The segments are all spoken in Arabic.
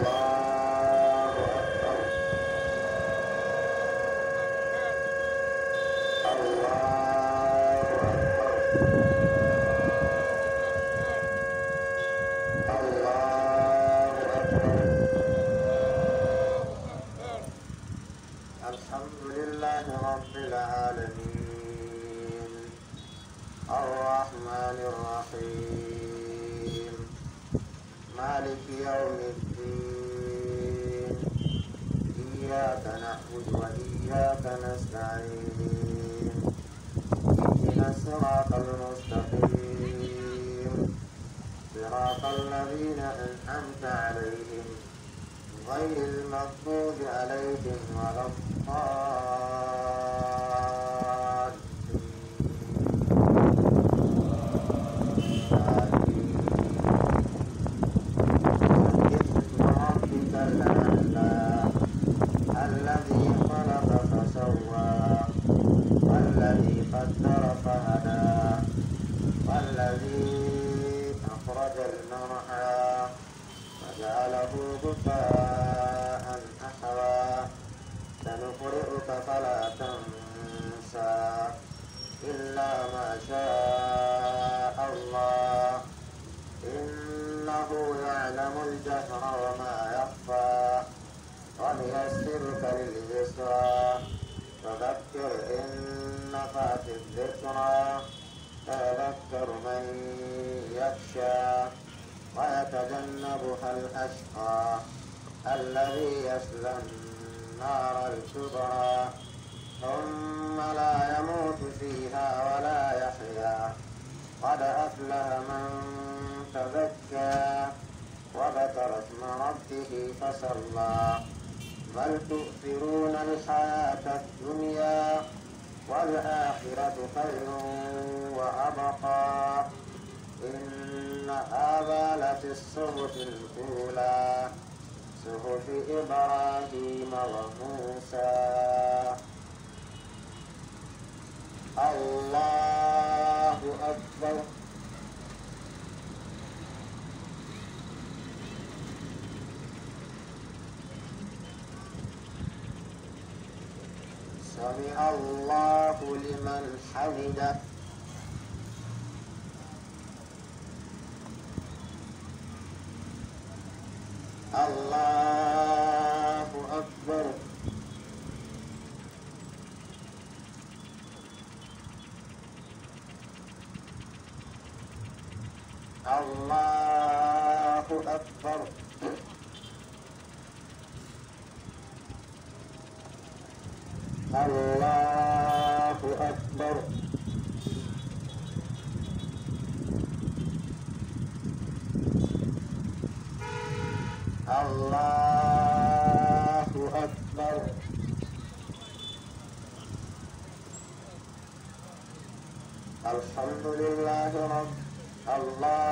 Wow. يقول ماء أحوى سنقرئك فلا تنسى إلا ما شاء الله إنه يعلم الجهر وما يخفى وليسرك لليسرى فذكر إن نفعت الذكرى تذكر من يخشى ويتجنبها الأشقى الذي يسلى النار الكبرى ثم لا يموت فيها ولا يحيا قد أفلح من تزكى وذكر اسم ربه فصلى بل تؤثرون الحياة الدنيا والآخرة خير وأبقى إن هذا لفي الصحف الأولى صحف إبراهيم وموسى الله أكبر سمع الله لمن حمده الله أكبر الله أكبر الحمد لله رب الله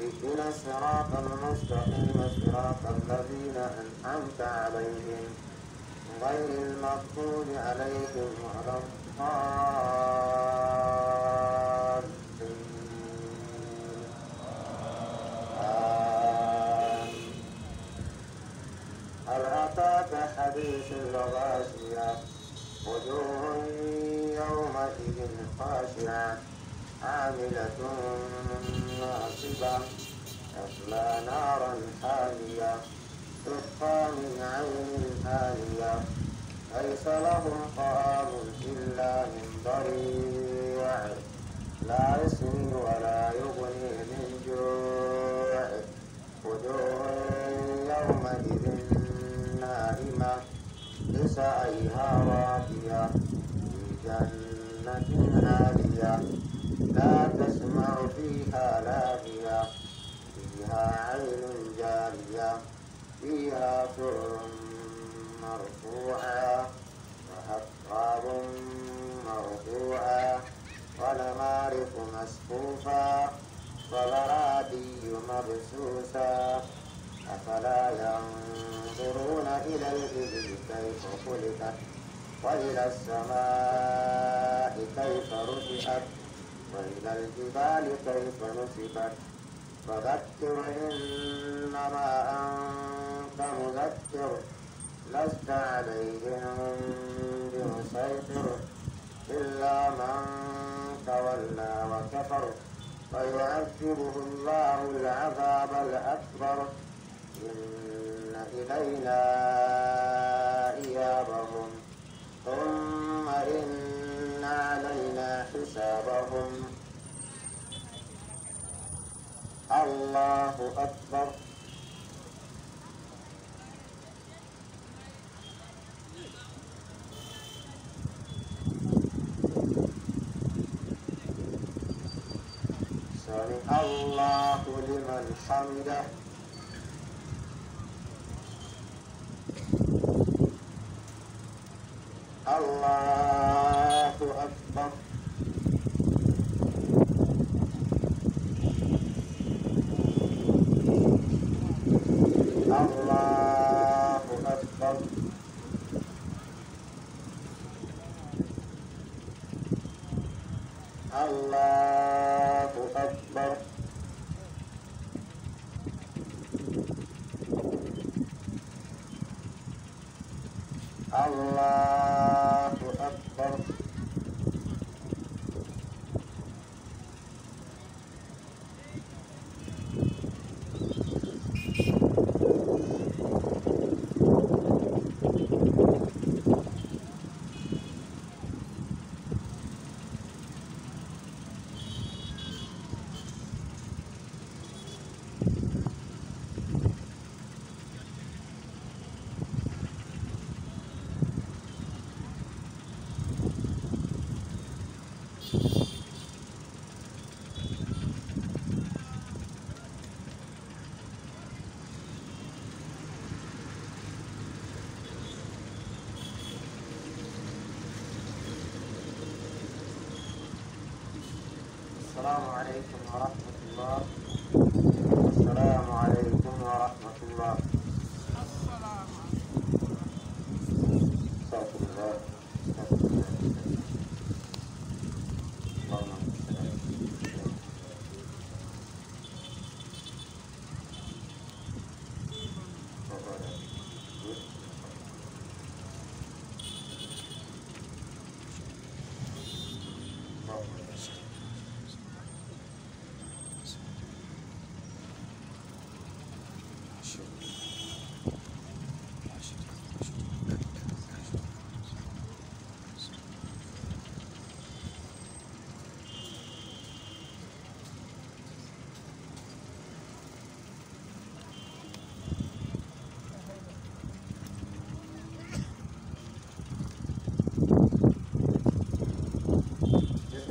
اهدنا الصراط المستقيم صراط الذين أنعمت عليهم غير المغضوب عليهم ولا الضالين هل أتاك حديث الغاشية وجوه يومئذ خاشعة عاملة ناصبة تصلى نارا حامية تحقى من عين آنية ليس لهم طعام إلا من ضريع لا يسمن ولا يغني من جوع خدوع يومئذ نائمة لسعيها راضية سدرات مرفوعا وأكواب مرفوعا ونمارق مسقوفا وغرابي مبسوسة أفلا ينظرون إلى الإبل كيف خلقت وإلى السماء كيف رفعت وإلى الجبال كيف نصبت فذكر إنما أنت أنت مذكر لست عليهم بمسيطر إلا من تولى وكفر فيعذبه الله العذاب الأكبر إن إلينا إيابهم ثم إن علينا حسابهم الله أكبر الله لمن حمده الله أكبر الله أكبر الله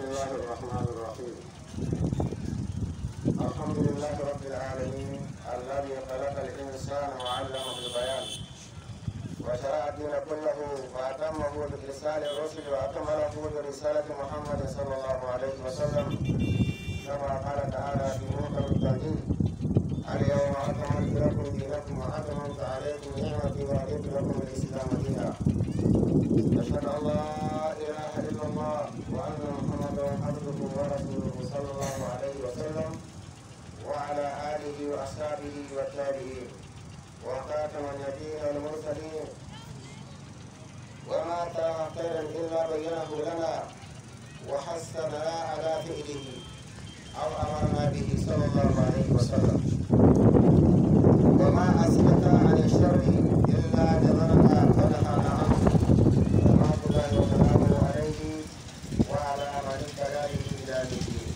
الله الرحمن الرحيم الحمد لله رب العالمين الذي خلق الإنسان وعلمه البيان وشرع الدين كله وأتمه برسالة الرسل وأكمله برسالة محمد صلى الله عليه وسلم كما قال تعالى في موكب التوحيد اليوم أكملت لكم دينكم وأتممت عليكم نعمتي ورضيت لكم الإسلام دينا أشهد الله العالمين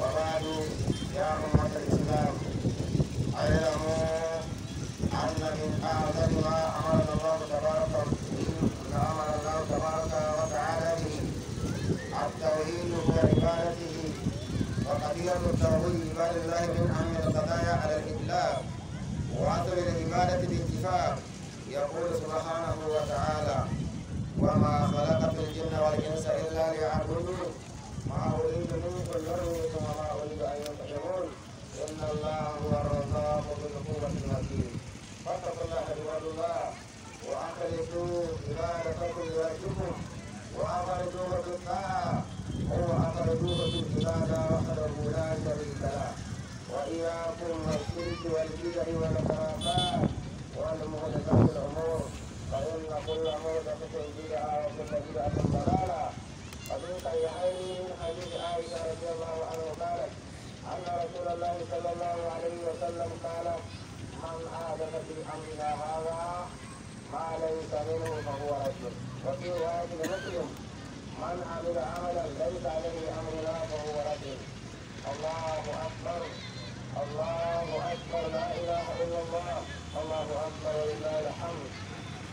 وبعد يا أمة الإسلام اعلموا أن من أعظم ما أمر الله تبارك أمر الله تبارك وتعالى به التوحيد وعبادته وقضية التوحيد عباد الله من أهم القضايا على الإطلاق وأصل العبادة باتفاق يقول سبحانه وتعالى وما خلق من عمل عملا ليس عليه امرنا فهو رد الله اكبر الله اكبر لا اله الا الله الله اكبر ولله الحمد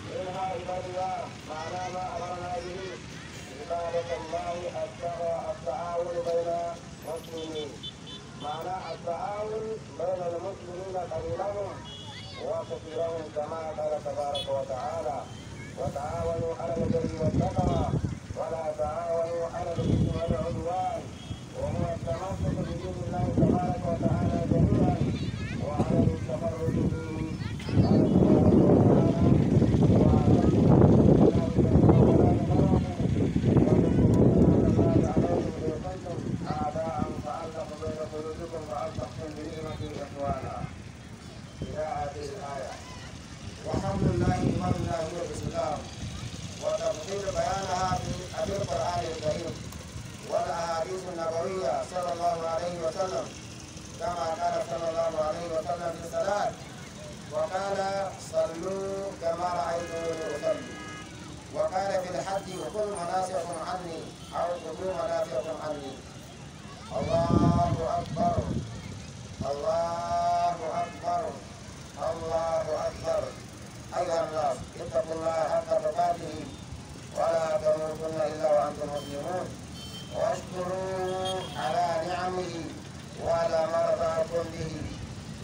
منها عباد الله معنى ما امرنا به عباده الله التعاون بين المسلمين معنى التعاون بين المسلمين قليلهم وكثيرهم كما قال تبارك وتعالى وتعاونوا على البر والتقوى Bye-bye. نافع عني أو العلوم نافع عني الله أكبر الله أكبر الله أكبر أيها الناس اتقوا الله حق تقاته ولا تموتن إلا وأنتم مسلمون واشكروا على نعمه وعلى ما رفعكم به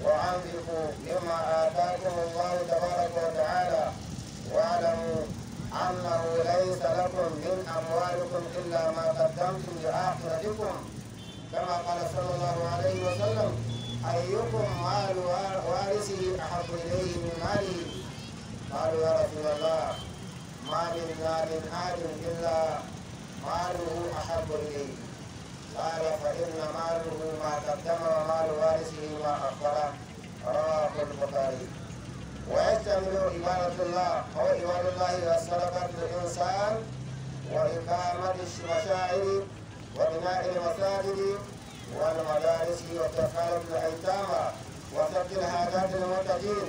وأنفقوا مما آتاكم الله تبارك وتعالى واعلموا أنه ليس لكم من أموالكم إلا ما قدمتم لآخرتكم كما قال صلى الله عليه وسلم أيكم مال وارثه أحب إليه من ماله قالوا يا رسول الله ما من من أحد إلا ماله أحب إليه قال فإن ماله ما قدم ومال وارثه ما أخبره رواه البخاري ويشتمل إمارة الله أو إمارة الله والصدقة للإنسان وإقامة المشاعر وبناء المساجد والمدارس والتفاعل الأيتام وسد الحاجات المعتدين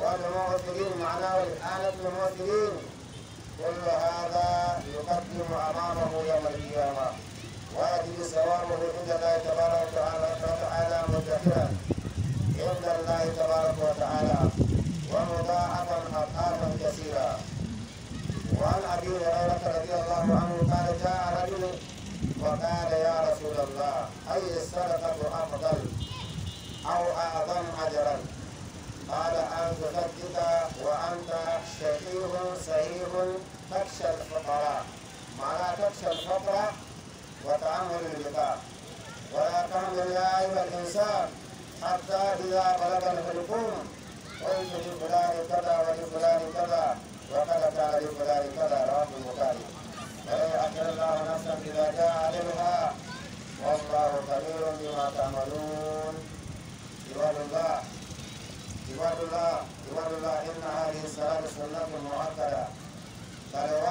والمؤثرين معناه الآلة المؤثرين كل هذا يقدم أمامه يوم القيامة ويجب ثوابه عند الله تبارك حتى إذا بلغ الحلقوم قلت لفلان كذا ولفلان كذا وقد كان فلان كذا رواه البخاري أجر الله نفسا إذا جاء علمها والله خبير بما تعملون عباد الله عباد الله عباد الله إن هذه الصلاة سنة مؤكدة بل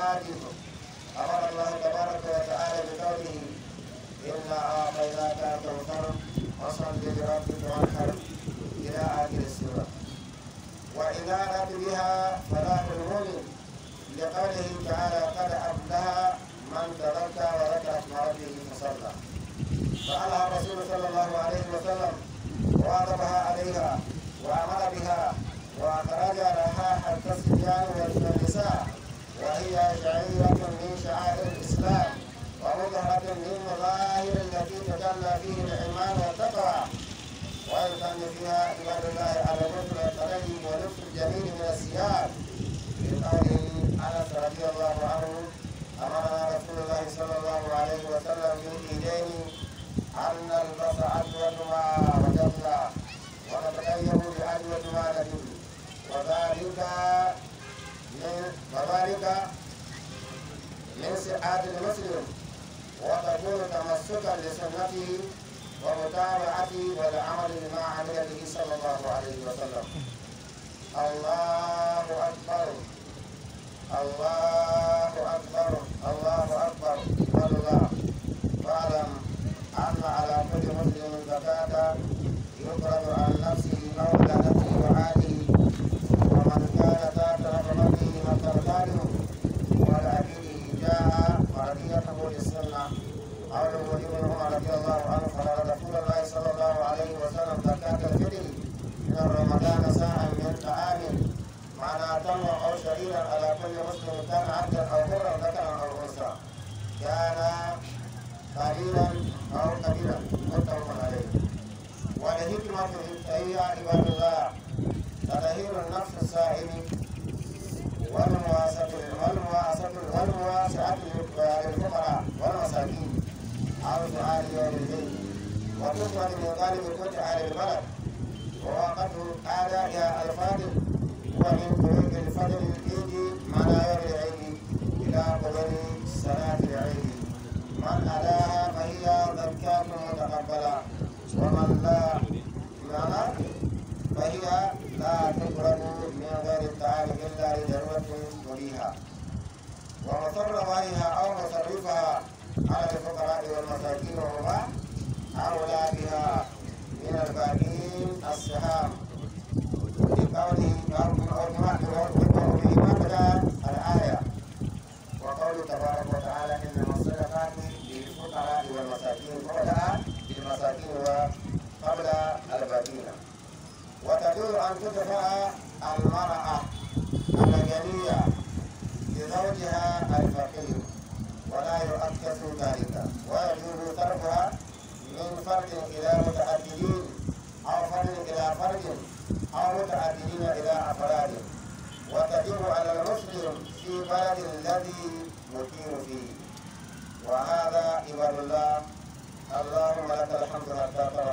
أمر الله تبارك وتعالى بقوله إنا أعطيناك الكوثر وصل برابط الحرب إلى آخر السورة وإنارة بها فلاح المؤمن لقوله تعالى قد أبلها من تزكى ولك اسم ربه فصلى فعلى طالب الفتح على الغلط قال يا الفاضل ومن قلوب الفضل لا مناير عيني إلى قبل صلاة العيد من أداها فهي ذكاة متقبلة ومن لا معنى فهي لا تقرب من غير التعب إلا لضرورة تريها ومصر غيرها أو مصرفها على الفقراء والمساكين وهما أولى بها من البنين السهام لقوله أرض العلمان tá, tá, tá.